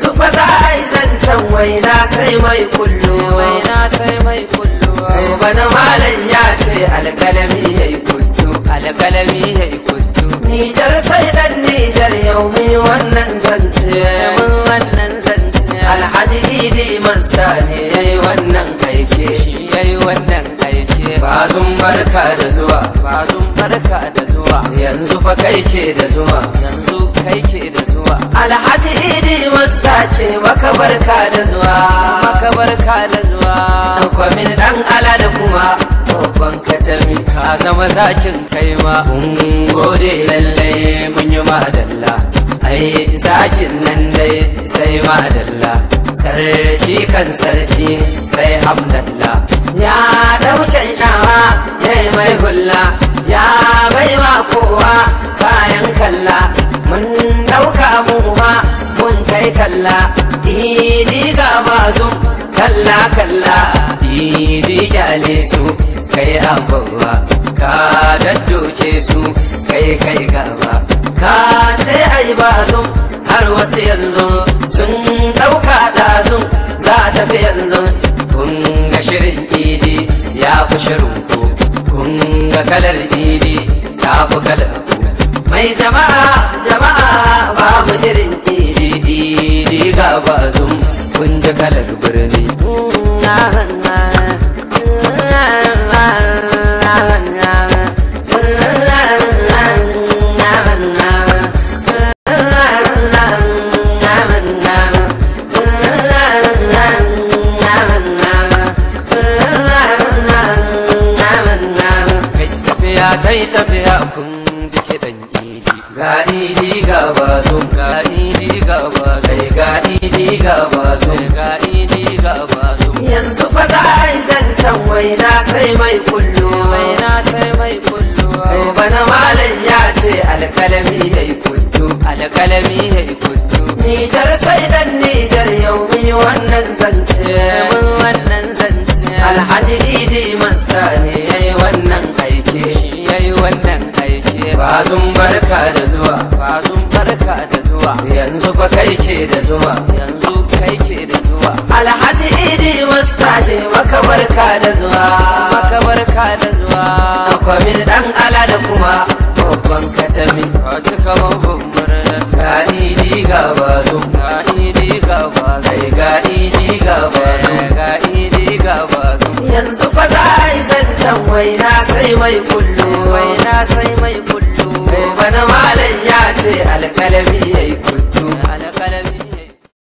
Zufa za a yi zancen waina sai mai kullu. Waina sai mai kullu. Bana malam ya ce alkalami ya yi kullu. Alkalami ya yi kullu. Nijar sai ɗan Nijar yau mun wannan zance. Mun wannan zance. Alhaji Idi Masta ne ya yi wannan aike. Shi ya yi wannan aike. Bazun barka da zuwa. Bazun barka da yanzu fa kai ce da zuwa yanzu kai ce da zuwa alhaji idi musta ce maka barka da zuwa maka barka da zuwa min dan ala da kuma babban katami ka zama zakin kai ma mun gode lalle mun yi ma dalla ai zakin nan dai sai ma dalla sarki kan sarki sai hamdalla ya da ai kalla ni ga mazu kalla kalla ni kyale su kai abuwa ka daddoke su kai kai gaba ka ce ai bazu har wasu yanzu sun ɗauka ɗazun za ta fi yanzu kun ga shirin idi ya fi shirin ku kun ga kalar idi ta fi kalar ku mai jama'a jama'a ba mu irin ga zum kun ji kalar birni tafiya kun ji kiɗan idi ga idi ga bazo Zulga idi gaba zulga idi gaba Yanzu fa za a yi zancen waina sai mai kullu Waina sai mai kullu Bana malam ya ce alkalami ya yi kuntu Alkalami ya yi kuntu Nijar sai dan Nijar yau mun wannan zance Mun wannan zance Alhaji Idi Masta ne ya yi wannan aike Shi ya yi wannan aike Ba barka da zuwa ke da zuma yanzu kai ke da zuwa alhaji idi masta ce maka barka da zuwa maka barka da zuwa akwamin dan ala da kuma babban katami a cika babban murna ga idi ga bazo ga idi ga bazo ga idi ga bazo eh, ga idi ga bazo yanzu fa za a waina sai mai kullu waina sai mai kullu kai bana malam ya ce alkalami yayi kullu eh,